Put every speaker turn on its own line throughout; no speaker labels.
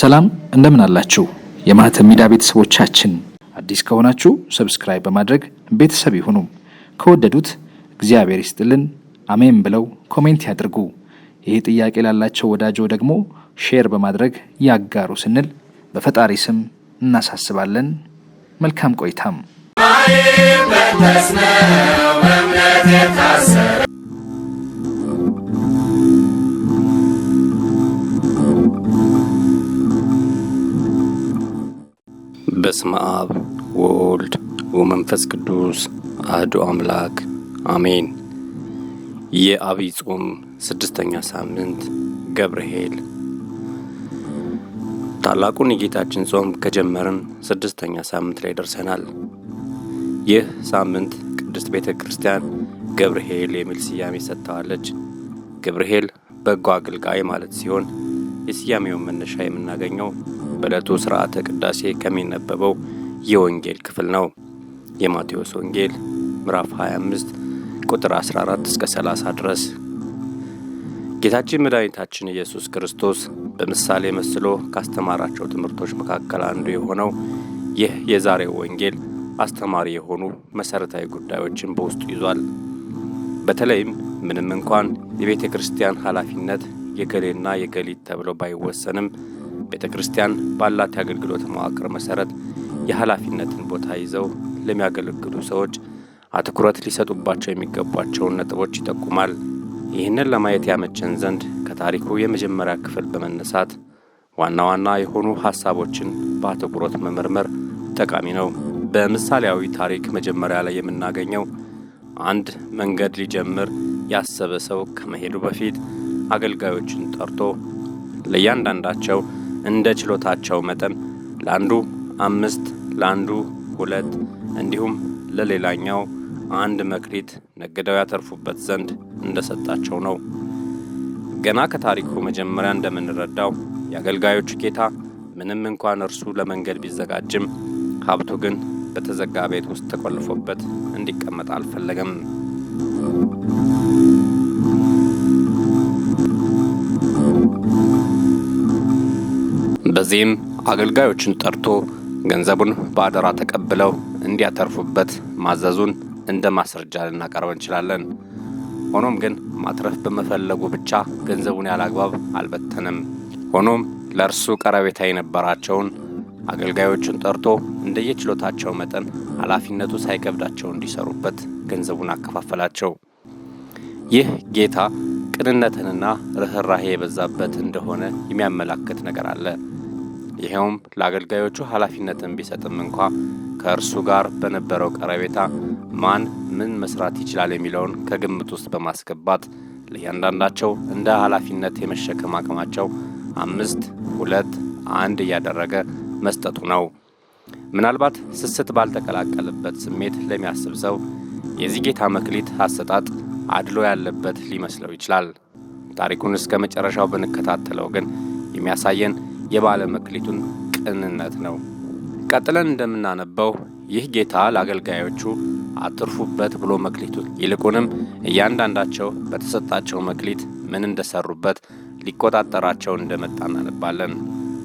ሰላም እንደምን አላችሁ? የማህተብ ሚዲያ ቤተሰቦቻችን አዲስ ከሆናችሁ ሰብስክራይብ በማድረግ ቤተሰብ ይሁኑ። ከወደዱት እግዚአብሔር ይስጥልን አሜን ብለው ኮሜንት ያድርጉ። ይህ ጥያቄ ላላቸው ወዳጆ ደግሞ ሼር በማድረግ ያጋሩ ስንል በፈጣሪ ስም እናሳስባለን። መልካም ቆይታም በስመ አብ ወወልድ ወመንፈስ ቅዱስ አህዱ አምላክ አሜን። የዐቢይ ጾም ስድስተኛ ሳምንት ገብርኄር። ታላቁን የጌታችን ጾም ከጀመርን ስድስተኛ ሳምንት ላይ ደርሰናል። ይህ ሳምንት ቅድስት ቤተ ክርስቲያን ገብርኄር የሚል ስያሜ ሰጥተዋለች። ገብርኄር በጎ አገልጋይ ማለት ሲሆን የስያሜውን መነሻ የምናገኘው በዕለቱ ሥርዓተ ቅዳሴ ከሚነበበው የወንጌል ክፍል ነው። የማቴዎስ ወንጌል ምዕራፍ 25 ቁጥር 14 እስከ 30 ድረስ ጌታችን መድኃኒታችን ኢየሱስ ክርስቶስ በምሳሌ መስሎ ካስተማራቸው ትምህርቶች መካከል አንዱ የሆነው ይህ የዛሬው ወንጌል አስተማሪ የሆኑ መሠረታዊ ጉዳዮችን በውስጡ ይዟል። በተለይም ምንም እንኳን የቤተ ክርስቲያን ኃላፊነት የገሌና የገሊት ተብሎ ባይወሰንም ቤተ ክርስቲያን ባላት የአገልግሎት መዋቅር መሰረት የኃላፊነትን ቦታ ይዘው ለሚያገለግሉ ሰዎች አትኩረት ሊሰጡባቸው የሚገቧቸውን ነጥቦች ይጠቁማል። ይህንን ለማየት ያመቸን ዘንድ ከታሪኩ የመጀመሪያ ክፍል በመነሳት ዋና ዋና የሆኑ ሐሳቦችን በአትኩሮት መመርመር ጠቃሚ ነው። በምሳሌያዊ ታሪክ መጀመሪያ ላይ የምናገኘው አንድ መንገድ ሊጀምር ያሰበ ሰው ከመሄዱ በፊት አገልጋዮችን ጠርቶ ለእያንዳንዳቸው እንደ ችሎታቸው መጠን ለአንዱ አምስት፣ ለአንዱ ሁለት እንዲሁም ለሌላኛው አንድ መክሊት ነግደው ያተርፉበት ዘንድ እንደሰጣቸው ነው። ገና ከታሪኩ መጀመሪያ እንደምንረዳው የአገልጋዮቹ ጌታ ምንም እንኳን እርሱ ለመንገድ ቢዘጋጅም ሀብቱ ግን በተዘጋ ቤት ውስጥ ተቆልፎበት እንዲቀመጥ አልፈለገም። በዚህም አገልጋዮችን ጠርቶ ገንዘቡን በአደራ ተቀብለው እንዲያተርፉበት ማዘዙን እንደ ማስረጃ ልናቀርብ እንችላለን። ሆኖም ግን ማትረፍ በመፈለጉ ብቻ ገንዘቡን ያላግባብ አልበተንም። ሆኖም ለእርሱ ቀረቤታ የነበራቸውን አገልጋዮቹን ጠርቶ እንደየችሎታቸው መጠን ኃላፊነቱ ሳይከብዳቸው እንዲሰሩበት ገንዘቡን አከፋፈላቸው። ይህ ጌታ ቅንነትንና ርኅራሄ የበዛበት እንደሆነ የሚያመላክት ነገር አለ። ይኸውም ለአገልጋዮቹ ኃላፊነትን ቢሰጥም እንኳ ከእርሱ ጋር በነበረው ቀረቤታ ማን ምን መስራት ይችላል የሚለውን ከግምት ውስጥ በማስገባት ለእያንዳንዳቸው እንደ ኃላፊነት የመሸከም አቅማቸው አምስት ሁለት አንድ እያደረገ መስጠቱ ነው። ምናልባት ስስት ባልተቀላቀለበት ስሜት ለሚያስብ ሰው የዚህ ጌታ መክሊት አሰጣጥ አድሎ ያለበት ሊመስለው ይችላል። ታሪኩን እስከ መጨረሻው ብንከታተለው ግን የሚያሳየን የባለ መክሊቱን ቅንነት ነው። ቀጥለን እንደምናነበው ይህ ጌታ ለአገልጋዮቹ አትርፉበት ብሎ መክሊቱን ይልቁንም እያንዳንዳቸው በተሰጣቸው መክሊት ምን እንደሰሩበት ሊቆጣጠራቸው እንደመጣ እናነባለን።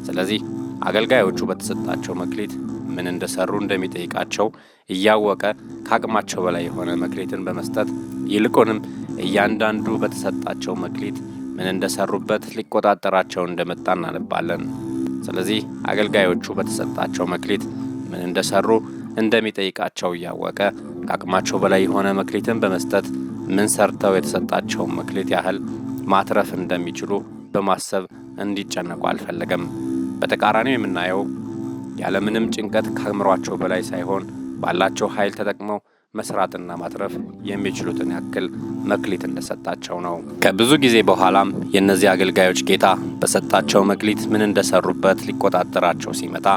ስለዚህ አገልጋዮቹ በተሰጣቸው መክሊት ምን እንደሰሩ እንደሚጠይቃቸው እያወቀ ከአቅማቸው በላይ የሆነ መክሊትን በመስጠት ይልቁንም እያንዳንዱ በተሰጣቸው መክሊት ምን እንደሰሩበት ሊቆጣጠራቸው እንደመጣ እናነባለን። ስለዚህ አገልጋዮቹ በተሰጣቸው መክሊት ምን እንደሰሩ እንደሚጠይቃቸው እያወቀ ከአቅማቸው በላይ የሆነ መክሊትን በመስጠት ምን ሰርተው የተሰጣቸውን መክሊት ያህል ማትረፍ እንደሚችሉ በማሰብ እንዲጨነቁ አልፈለገም። በተቃራኒው የምናየው ያለምንም ጭንቀት ከአእምሯቸው በላይ ሳይሆን ባላቸው ኃይል ተጠቅመው መስራትና ማትረፍ የሚችሉትን ያክል መክሊት እንደሰጣቸው ነው። ከብዙ ጊዜ በኋላም የእነዚህ አገልጋዮች ጌታ በሰጣቸው መክሊት ምን እንደሰሩበት ሊቆጣጠራቸው ሲመጣ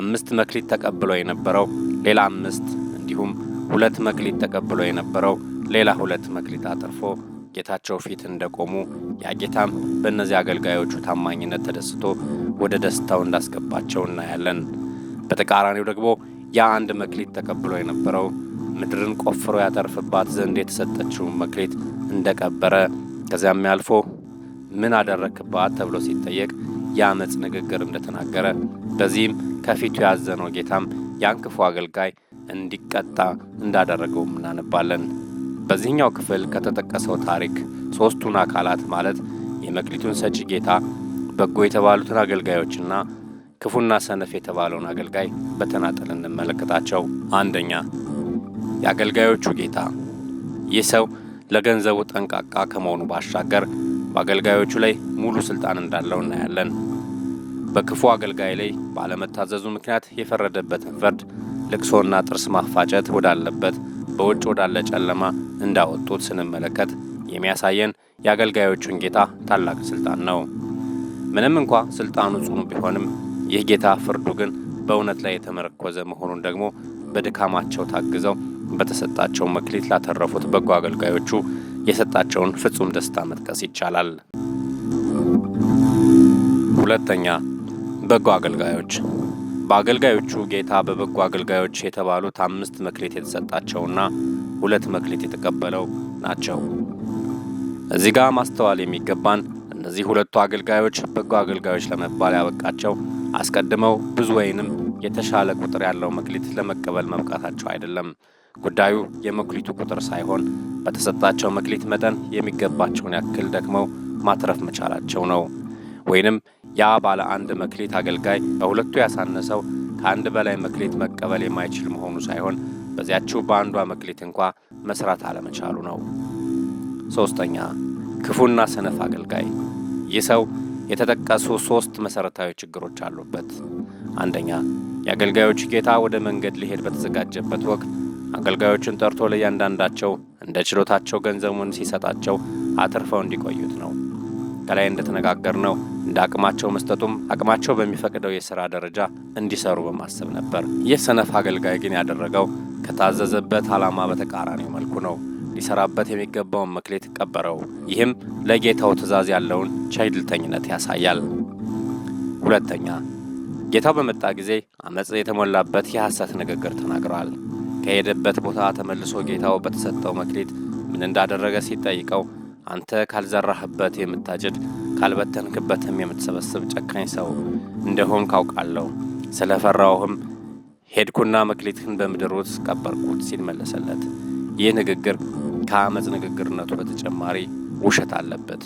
አምስት መክሊት ተቀብሎ የነበረው ሌላ አምስት፣ እንዲሁም ሁለት መክሊት ተቀብሎ የነበረው ሌላ ሁለት መክሊት አትርፎ ጌታቸው ፊት እንደቆሙ ያ ጌታም በእነዚህ አገልጋዮቹ ታማኝነት ተደስቶ ወደ ደስታው እንዳስገባቸው እናያለን። በተቃራኒው ደግሞ ያ አንድ መክሊት ተቀብሎ የነበረው ምድርን ቆፍሮ ያተርፍባት ዘንድ የተሰጠችውን መክሊት እንደቀበረ ከዚያም ያልፎ ምን አደረክባት ተብሎ ሲጠየቅ የአመፅ ንግግር እንደተናገረ በዚህም ከፊቱ ያዘነው ጌታም ያን ክፉ አገልጋይ እንዲቀጣ እንዳደረገው እናነባለን። በዚህኛው ክፍል ከተጠቀሰው ታሪክ ሦስቱን አካላት ማለት የመክሊቱን ሰጪ ጌታ፣ በጎ የተባሉትን አገልጋዮችና ክፉና ሰነፍ የተባለውን አገልጋይ በተናጠል እንመለከታቸው። አንደኛ የአገልጋዮቹ ጌታ። ይህ ሰው ለገንዘቡ ጠንቃቃ ከመሆኑ ባሻገር በአገልጋዮቹ ላይ ሙሉ ስልጣን እንዳለው እናያለን። በክፉ አገልጋይ ላይ ባለመታዘዙ ምክንያት የፈረደበትን ፍርድ ልቅሶና ጥርስ ማፋጨት ወዳለበት በውጭ ወዳለ ጨለማ እንዳወጡት ስንመለከት የሚያሳየን የአገልጋዮቹን ጌታ ታላቅ ስልጣን ነው። ምንም እንኳ ስልጣኑ ጽኑ ቢሆንም ይህ ጌታ ፍርዱ ግን በእውነት ላይ የተመረኮዘ መሆኑን ደግሞ በድካማቸው ታግዘው በተሰጣቸው መክሊት ላተረፉት በጎ አገልጋዮቹ የሰጣቸውን ፍጹም ደስታ መጥቀስ ይቻላል። ሁለተኛ፣ በጎ አገልጋዮች በአገልጋዮቹ ጌታ በበጎ አገልጋዮች የተባሉት አምስት መክሊት የተሰጣቸውና ሁለት መክሊት የተቀበለው ናቸው። እዚህ ጋር ማስተዋል የሚገባን እነዚህ ሁለቱ አገልጋዮች በጎ አገልጋዮች ለመባል ያበቃቸው አስቀድመው ብዙ ወይንም የተሻለ ቁጥር ያለው መክሊት ለመቀበል መብቃታቸው አይደለም። ጉዳዩ የመክሊቱ ቁጥር ሳይሆን በተሰጣቸው መክሊት መጠን የሚገባቸውን ያክል ደክመው ማትረፍ መቻላቸው ነው። ወይንም ያ ባለ አንድ መክሊት አገልጋይ በሁለቱ ያሳነሰው ከአንድ በላይ መክሊት መቀበል የማይችል መሆኑ ሳይሆን በዚያችው በአንዷ መክሊት እንኳ መስራት አለመቻሉ ነው። ሶስተኛ ክፉና ሰነፍ አገልጋይ። ይህ ሰው የተጠቀሱ ሶስት መሠረታዊ ችግሮች አሉበት። አንደኛ የአገልጋዮች ጌታ ወደ መንገድ ሊሄድ በተዘጋጀበት ወቅት አገልጋዮቹን ጠርቶ ለእያንዳንዳቸው እንደ ችሎታቸው ገንዘቡን ሲሰጣቸው አትርፈው እንዲቆዩት ነው። ከላይ እንደተነጋገር ነው እንደ አቅማቸው መስጠቱም አቅማቸው በሚፈቅደው የሥራ ደረጃ እንዲሰሩ በማሰብ ነበር። ይህ ሰነፍ አገልጋይ ግን ያደረገው ከታዘዘበት ዓላማ በተቃራኒው መልኩ ነው። ሊሰራበት የሚገባውን መክሌት ቀበረው። ይህም ለጌታው ትእዛዝ ያለውን ቸልተኝነት ያሳያል። ሁለተኛ ጌታው በመጣ ጊዜ አመፅ የተሞላበት የሐሰት ንግግር ተናግረዋል። ከሄደበት ቦታ ተመልሶ ጌታው በተሰጠው መክሊት ምን እንዳደረገ ሲጠይቀው አንተ ካልዘራህበት የምታጭድ ካልበተንክበትም የምትሰበስብ ጨካኝ ሰው እንደሆን ካውቃለሁ፣ ፈራውህም ሄድኩና መክሊትህን በምድር ውስጥ ቀበርኩት ሲል መለሰለት። ይህ ንግግር ከአመፅ ንግግርነቱ በተጨማሪ ውሸት አለበት።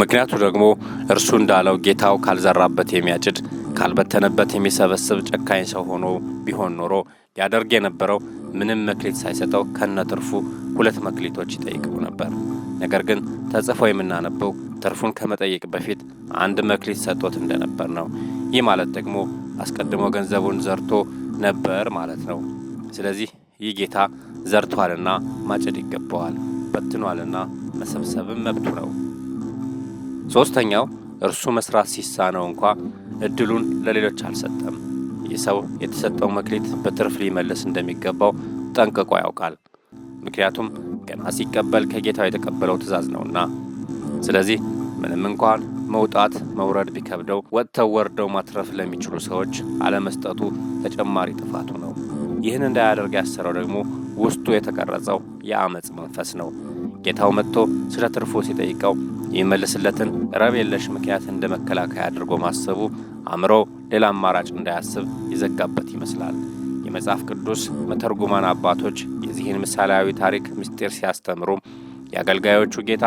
ምክንያቱ ደግሞ እርሱ እንዳለው ጌታው ካልዘራበት የሚያጭድ ካልበተነበት የሚሰበስብ ጨካኝ ሰው ሆኖ ቢሆን ኖሮ ያደርግ የነበረው ምንም መክሊት ሳይሰጠው ከነ ትርፉ ሁለት መክሊቶች ይጠይቀው ነበር። ነገር ግን ተጽፎ የምናነበው ትርፉን ከመጠየቅ በፊት አንድ መክሊት ሰጥቶት እንደነበር ነው። ይህ ማለት ደግሞ አስቀድሞ ገንዘቡን ዘርቶ ነበር ማለት ነው። ስለዚህ ይህ ጌታ ዘርቷልና ማጨድ ይገባዋል፣ በትኗልና መሰብሰብም መብቱ ነው። ሶስተኛው እርሱ መስራት ሲሳነው እንኳ እድሉን ለሌሎች አልሰጠም። ይህ ሰው የተሰጠው መክሊት በትርፍ ሊመልስ እንደሚገባው ጠንቅቆ ያውቃል። ምክንያቱም ገና ሲቀበል ከጌታው የተቀበለው ትእዛዝ ነውና። ስለዚህ ምንም እንኳን መውጣት መውረድ ቢከብደው ወጥተው ወርደው ማትረፍ ለሚችሉ ሰዎች አለመስጠቱ ተጨማሪ ጥፋቱ ነው። ይህን እንዳያደርግ ያሰረው ደግሞ ውስጡ የተቀረጸው የአመፅ መንፈስ ነው። ጌታው መጥቶ ስለ ትርፎ ሲጠይቀው የሚመልስለትን ረብ የለሽ ምክንያት እንደ መከላከያ አድርጎ ማሰቡ አእምሮ ሌላ አማራጭ እንዳያስብ የዘጋበት ይመስላል። የመጽሐፍ ቅዱስ መተርጉማን አባቶች የዚህን ምሳሌያዊ ታሪክ ምስጢር ሲያስተምሩ የአገልጋዮቹ ጌታ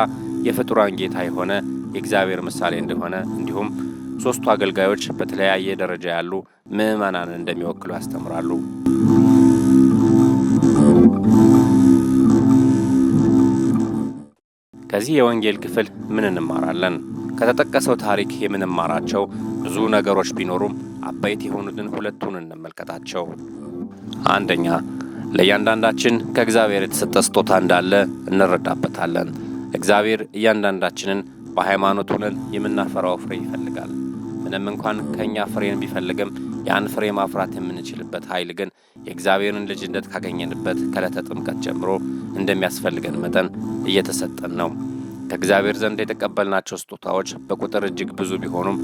የፍጡራን ጌታ የሆነ የእግዚአብሔር ምሳሌ እንደሆነ እንዲሁም ሦስቱ አገልጋዮች በተለያየ ደረጃ ያሉ ምዕመናን እንደሚወክሉ ያስተምራሉ። ከዚህ የወንጌል ክፍል ምን እንማራለን? ከተጠቀሰው ታሪክ የምንማራቸው ብዙ ነገሮች ቢኖሩም አበይት የሆኑትን ሁለቱን እንመልከታቸው። አንደኛ፣ ለእያንዳንዳችን ከእግዚአብሔር የተሰጠ ስጦታ እንዳለ እንረዳበታለን። እግዚአብሔር እያንዳንዳችንን በሃይማኖት ሁነን የምናፈራው ፍሬ ይፈልጋል። ምንም እንኳን ከእኛ ፍሬን ቢፈልግም ያን ፍሬ ማፍራት የምንችልበት ኃይል ግን የእግዚአብሔርን ልጅነት ካገኘንበት ከዕለተ ጥምቀት ጀምሮ እንደሚያስፈልገን መጠን እየተሰጠን ነው። ከእግዚአብሔር ዘንድ የተቀበልናቸው ስጦታዎች በቁጥር እጅግ ብዙ ቢሆኑም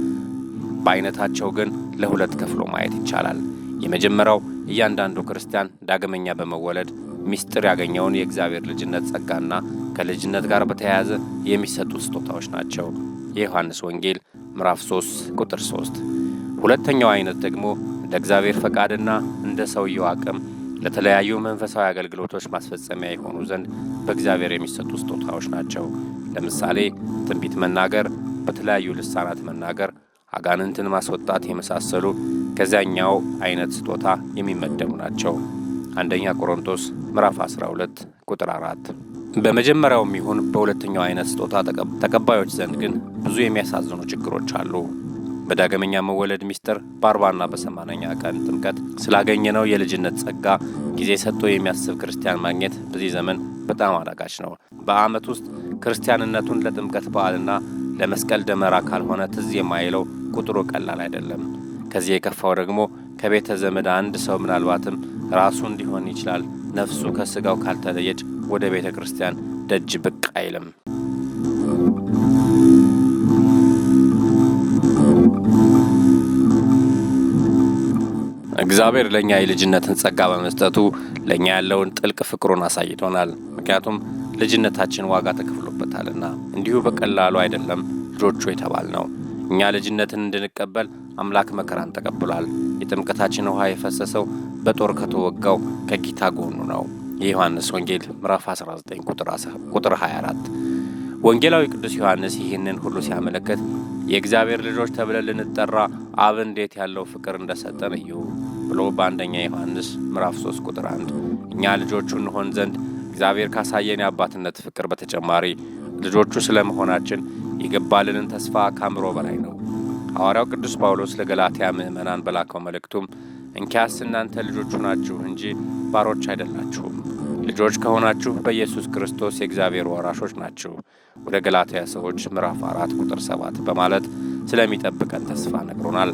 በአይነታቸው ግን ለሁለት ከፍሎ ማየት ይቻላል። የመጀመሪያው እያንዳንዱ ክርስቲያን ዳግመኛ በመወለድ ምስጢር ያገኘውን የእግዚአብሔር ልጅነት ጸጋና ከልጅነት ጋር በተያያዘ የሚሰጡ ስጦታዎች ናቸው። የዮሐንስ ወንጌል ምዕራፍ 3 ቁጥር 3። ሁለተኛው አይነት ደግሞ እንደ እግዚአብሔር ፈቃድና እንደ ሰውየው አቅም ለተለያዩ መንፈሳዊ አገልግሎቶች ማስፈጸሚያ የሆኑ ዘንድ በእግዚአብሔር የሚሰጡ ስጦታዎች ናቸው። ለምሳሌ ትንቢት መናገር፣ በተለያዩ ልሳናት መናገር፣ አጋንንትን ማስወጣት የመሳሰሉ ከዚያኛው አይነት ስጦታ የሚመደቡ ናቸው። አንደኛ ቆሮንቶስ ምዕራፍ 12 ቁጥር 4። በመጀመሪያውም ይሁን በሁለተኛው አይነት ስጦታ ተቀባዮች ዘንድ ግን ብዙ የሚያሳዝኑ ችግሮች አሉ። በዳግመኛ መወለድ ሚስጥር በአርባና በሰማነኛ ቀን ጥምቀት ስላገኘነው የልጅነት ጸጋ ጊዜ ሰጥቶ የሚያስብ ክርስቲያን ማግኘት በዚህ ዘመን በጣም አዳጋች ነው። በዓመት ውስጥ ክርስቲያንነቱን ለጥምቀት በዓልና ለመስቀል ደመራ ካልሆነ ትዝ የማይለው ቁጥሩ ቀላል አይደለም። ከዚህ የከፋው ደግሞ ከቤተ ዘመድ አንድ ሰው ምናልባትም ራሱን ሊሆን ይችላል ነፍሱ ከስጋው ካልተለየች ወደ ቤተ ክርስቲያን ደጅ ብቅ አይልም። እግዚአብሔር ለእኛ የልጅነትን ጸጋ በመስጠቱ ለእኛ ያለውን ጥልቅ ፍቅሩን አሳይቶናል። ምክንያቱም ልጅነታችን ዋጋ ተከፍሎበታልና እንዲሁ በቀላሉ አይደለም ልጆቹ የተባል ነው። እኛ ልጅነትን እንድንቀበል አምላክ መከራን ተቀብሏል። የጥምቀታችን ውሃ የፈሰሰው በጦር ከተወጋው ከጌታ ጎኑ ነው። የዮሐንስ ወንጌል ምዕራፍ 19 ቁጥር 24። ወንጌላዊ ቅዱስ ዮሐንስ ይህንን ሁሉ ሲያመለክት የእግዚአብሔር ልጆች ተብለን ልንጠራ አብ እንዴት ያለው ፍቅር እንደሰጠን እዩ ብሎ በአንደኛ ዮሐንስ ምዕራፍ 3 ቁጥር 1 እኛ ልጆቹ እንሆን ዘንድ እግዚአብሔር ካሳየን የአባትነት ፍቅር በተጨማሪ ልጆቹ ስለመሆናችን የገባልንን ተስፋ ካምሮ በላይ ነው። ሐዋርያው ቅዱስ ጳውሎስ ለገላትያ ምዕመናን በላከው መልእክቱም እንኪያስ እናንተ ልጆቹ ናችሁ እንጂ ባሮች አይደላችሁም። ልጆች ከሆናችሁ በኢየሱስ ክርስቶስ የእግዚአብሔር ወራሾች ናችሁ። ወደ ገላትያ ሰዎች ምዕራፍ አራት ቁጥር ሰባት በማለት ስለሚጠብቀን ተስፋ ነግሮናል።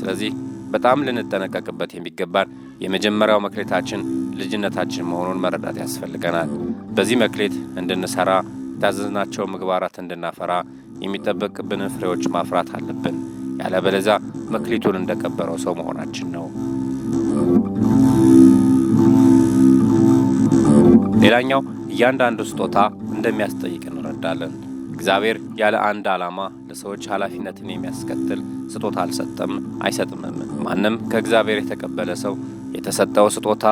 ስለዚህ በጣም ልንጠነቀቅበት የሚገባን የመጀመሪያው መክሌታችን ልጅነታችን መሆኑን መረዳት ያስፈልገናል። በዚህ መክሌት እንድንሰራ የታዘዝናቸው ምግባራት እንድናፈራ የሚጠበቅብንን ፍሬዎች ማፍራት አለብን። በለዛ መክሊቱን እንደከበረው ሰው መሆናችን ነው። ሌላኛው እያንዳንዱ ስጦታ እንደሚያስጠይቅ እንረዳለን። እግዚአብሔር ያለ አንድ ዓላማ ለሰዎች ኃላፊነትን የሚያስከትል ስጦታ አልሰጠም፣ አይሰጥምም። ማንም ከእግዚአብሔር የተቀበለ ሰው የተሰጠው ስጦታ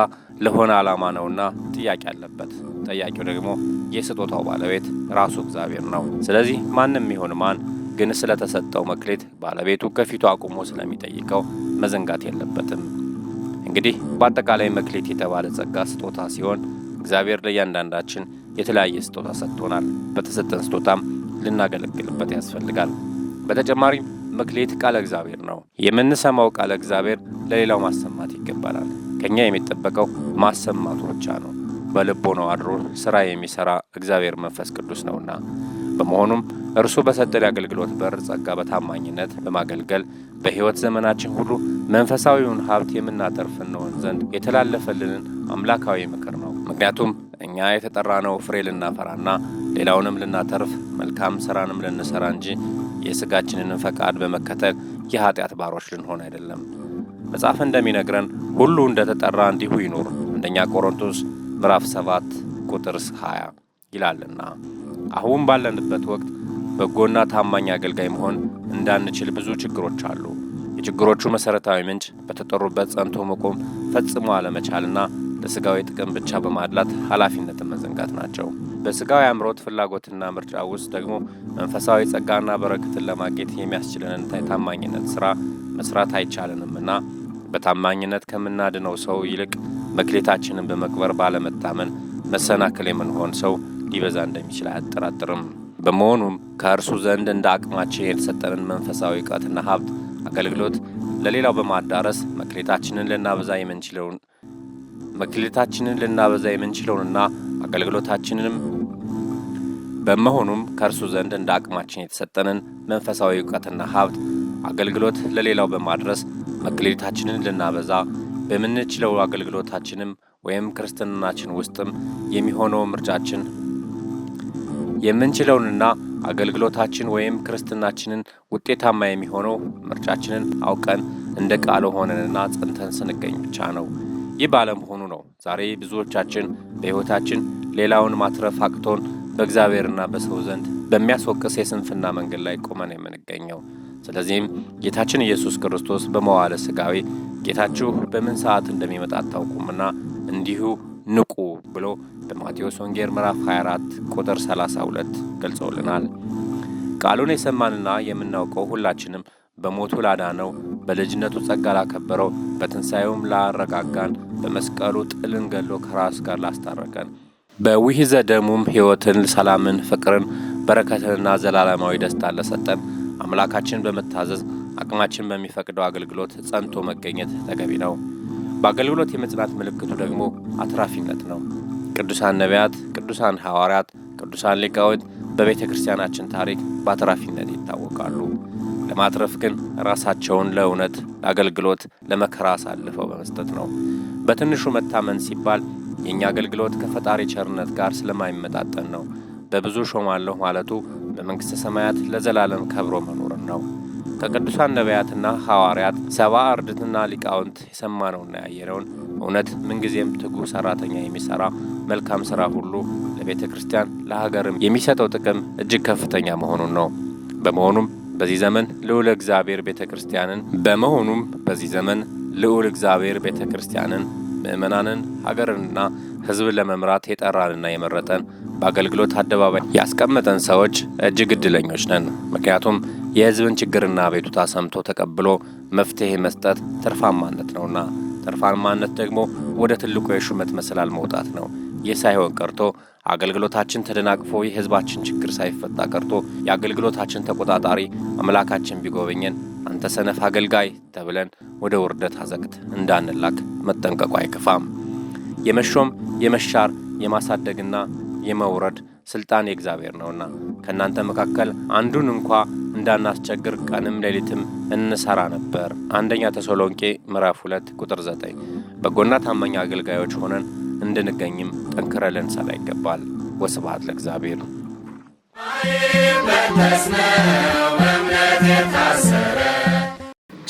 ለሆነ ዓላማ ነውና ጥያቄ አለበት። ጠያቂው ደግሞ የስጦታው ባለቤት ራሱ እግዚአብሔር ነው። ስለዚህ ማንም ይሁን ማን ግን ስለተሰጠው መክሌት ባለቤቱ ከፊቱ አቁሞ ስለሚጠይቀው መዘንጋት የለበትም። እንግዲህ በአጠቃላይ መክሌት የተባለ ጸጋ ስጦታ ሲሆን እግዚአብሔር ለእያንዳንዳችን የተለያየ ስጦታ ሰጥቶናል። በተሰጠን ስጦታም ልናገለግልበት ያስፈልጋል። በተጨማሪም መክሌት ቃለ እግዚአብሔር ነው። የምንሰማው ቃለ እግዚአብሔር ለሌላው ማሰማት ይገባናል። ከኛ የሚጠበቀው ማሰማቱ ብቻ ነው። በልቦ ነው አድሮ ስራ የሚሰራ እግዚአብሔር መንፈስ ቅዱስ ነውና። በመሆኑም እርሱ በሰጠን የአገልግሎት በር ጸጋ በታማኝነት በማገልገል በሕይወት ዘመናችን ሁሉ መንፈሳዊውን ሀብት የምናተርፍ እንሆን ዘንድ የተላለፈልንን አምላካዊ ምክር ነው። ምክንያቱም እኛ የተጠራነው ፍሬ ልናፈራና ሌላውንም ልናተርፍ መልካም ስራንም ልንሰራ እንጂ የሥጋችንን ፈቃድ በመከተል የኃጢአት ባሮች ልንሆን አይደለም። መጽሐፍ እንደሚነግረን ሁሉ እንደተጠራ እንዲሁ ይኑር አንደኛ ቆሮንቶስ ምዕራፍ 7 ቁጥር 20 ይላልና አሁን ባለንበት ወቅት በጎና ታማኝ አገልጋይ መሆን እንዳንችል ብዙ ችግሮች አሉ። የችግሮቹ መሠረታዊ ምንጭ በተጠሩበት ጸንቶ መቆም ፈጽሞ አለመቻልና ለሥጋዊ ጥቅም ብቻ በማድላት ኃላፊነትን መዘንጋት ናቸው። በሥጋዊ አእምሮት ፍላጎትና ምርጫ ውስጥ ደግሞ መንፈሳዊ ጸጋና በረከትን ለማግኘት የሚያስችለንን ታማኝነት ሥራ መሥራት አይቻለንምና በታማኝነት ከምናድነው ሰው ይልቅ መክሌታችንን በመቅበር ባለመታመን መሰናክል የምንሆን ሰው ሊበዛ እንደሚችል አያጠራጥርም። በመሆኑም ከእርሱ ዘንድ እንደ አቅማችን የተሰጠንን መንፈሳዊ እውቀትና ሀብት አገልግሎት ለሌላው በማዳረስ መክሌታችንን ልናበዛ የምንችለውን መክሌታችንን ልናበዛ የምንችለውንና አገልግሎታችንንም በመሆኑም ከእርሱ ዘንድ እንደ አቅማችን የተሰጠንን መንፈሳዊ እውቀትና ሀብት አገልግሎት ለሌላው በማድረስ መክሊታችንን ልናበዛ በምንችለው አገልግሎታችንም ወይም ክርስትናችን ውስጥም የሚሆነው ምርጫችን የምንችለውንና አገልግሎታችን ወይም ክርስትናችንን ውጤታማ የሚሆነው ምርጫችንን አውቀን እንደ ቃሉ ሆነንና ጸንተን ስንገኝ ብቻ ነው። ይህ ባለመሆኑ ነው ዛሬ ብዙዎቻችን በሕይወታችን ሌላውን ማትረፍ አቅቶን በእግዚአብሔርና በሰው ዘንድ በሚያስወቅስ የስንፍና መንገድ ላይ ቆመን የምንገኘው። ስለዚህም ጌታችን ኢየሱስ ክርስቶስ በመዋለ ስጋዊ ጌታችሁ በምን ሰዓት እንደሚመጣ አታውቁምና እንዲሁ ንቁ ብሎ በማቴዎስ ወንጌል ምዕራፍ 24 ቁጥር 32 ገልጸውልናል። ቃሉን የሰማንና የምናውቀው ሁላችንም በሞቱ ላዳነው፣ በልጅነቱ ጸጋ ላከበረው፣ በትንሣኤውም ላረጋጋን፣ በመስቀሉ ጥልን ገሎ ከራስ ጋር ላስታረቀን፣ በውሂ ደሙም ሕይወትን፣ ሰላምን፣ ፍቅርን፣ በረከትንና ዘላለማዊ ደስታን ለሰጠን አምላካችን በመታዘዝ አቅማችን በሚፈቅደው አገልግሎት ጸንቶ መገኘት ተገቢ ነው። በአገልግሎት የመጽናት ምልክቱ ደግሞ አትራፊነት ነው። ቅዱሳን ነቢያት፣ ቅዱሳን ሐዋርያት፣ ቅዱሳን ሊቃውንት በቤተ ክርስቲያናችን ታሪክ በአትራፊነት ይታወቃሉ። ለማትረፍ ግን ራሳቸውን ለእውነት፣ ለአገልግሎት፣ ለመከራ አሳልፈው በመስጠት ነው። በትንሹ መታመን ሲባል የእኛ አገልግሎት ከፈጣሪ ቸርነት ጋር ስለማይመጣጠን ነው። በብዙ ሾማለሁ ማለቱ በመንግሥተ ሰማያት ለዘላለም ከብሮ መኖርን ነው። ከቅዱሳን ነቢያትና ሐዋርያት ሰባ አርድትና ሊቃውንት የሰማነውና ያየነውን እውነት ምንጊዜም ትጉ ሰራተኛ የሚሰራ መልካም ሥራ ሁሉ ለቤተ ክርስቲያን ለሀገርም የሚሰጠው ጥቅም እጅግ ከፍተኛ መሆኑን ነው። በመሆኑም በዚህ ዘመን ልዑል እግዚአብሔር ቤተ ክርስቲያንን በመሆኑም በዚህ ዘመን ልዑል እግዚአብሔር ቤተ ክርስቲያንን ምእመናንን ሀገርንና ሕዝብን ለመምራት የጠራንና የመረጠን በአገልግሎት አደባባይ ያስቀመጠን ሰዎች እጅግ እድለኞች ነን። ምክንያቱም የህዝብን ችግርና አቤቱታ ሰምቶ ተቀብሎ መፍትሔ መስጠት ትርፋማነት ነውና፣ ትርፋማነት ደግሞ ወደ ትልቁ የሹመት መሰላል መውጣት ነው። ይህ ሳይሆን ቀርቶ አገልግሎታችን ተደናቅፎ የህዝባችን ችግር ሳይፈታ ቀርቶ የአገልግሎታችን ተቆጣጣሪ አምላካችን ቢጎበኘን አንተ ሰነፍ አገልጋይ ተብለን ወደ ውርደት አዘቅት እንዳንላክ መጠንቀቁ አይከፋም። የመሾም የመሻር የማሳደግና የመውረድ ስልጣን የእግዚአብሔር ነውና ከእናንተ መካከል አንዱን እንኳ እንዳናስቸግር ቀንም ሌሊትም እንሰራ ነበር። አንደኛ ተሰሎንቄ ምዕራፍ 2 ቁጥር 9። በጎና ታማኝ አገልጋዮች ሆነን እንድንገኝም ጠንክረ ልንሰራ ይገባል። ወስብሐት ለእግዚአብሔር።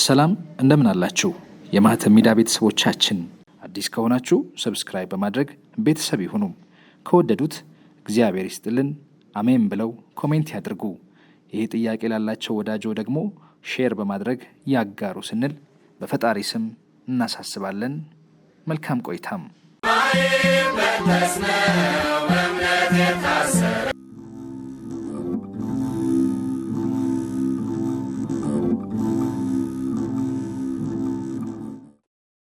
ሰላም እንደምን አላችሁ? የማህተብ ሚዲያ ቤተሰቦቻችን አዲስ ከሆናችሁ ሰብስክራይብ በማድረግ ቤተሰብ ይሁኑም። ከወደዱት እግዚአብሔር ይስጥልን አሜን ብለው ኮሜንት ያድርጉ። ይህ ጥያቄ ላላቸው ወዳጆ ደግሞ ሼር በማድረግ ያጋሩ ስንል በፈጣሪ ስም እናሳስባለን። መልካም ቆይታም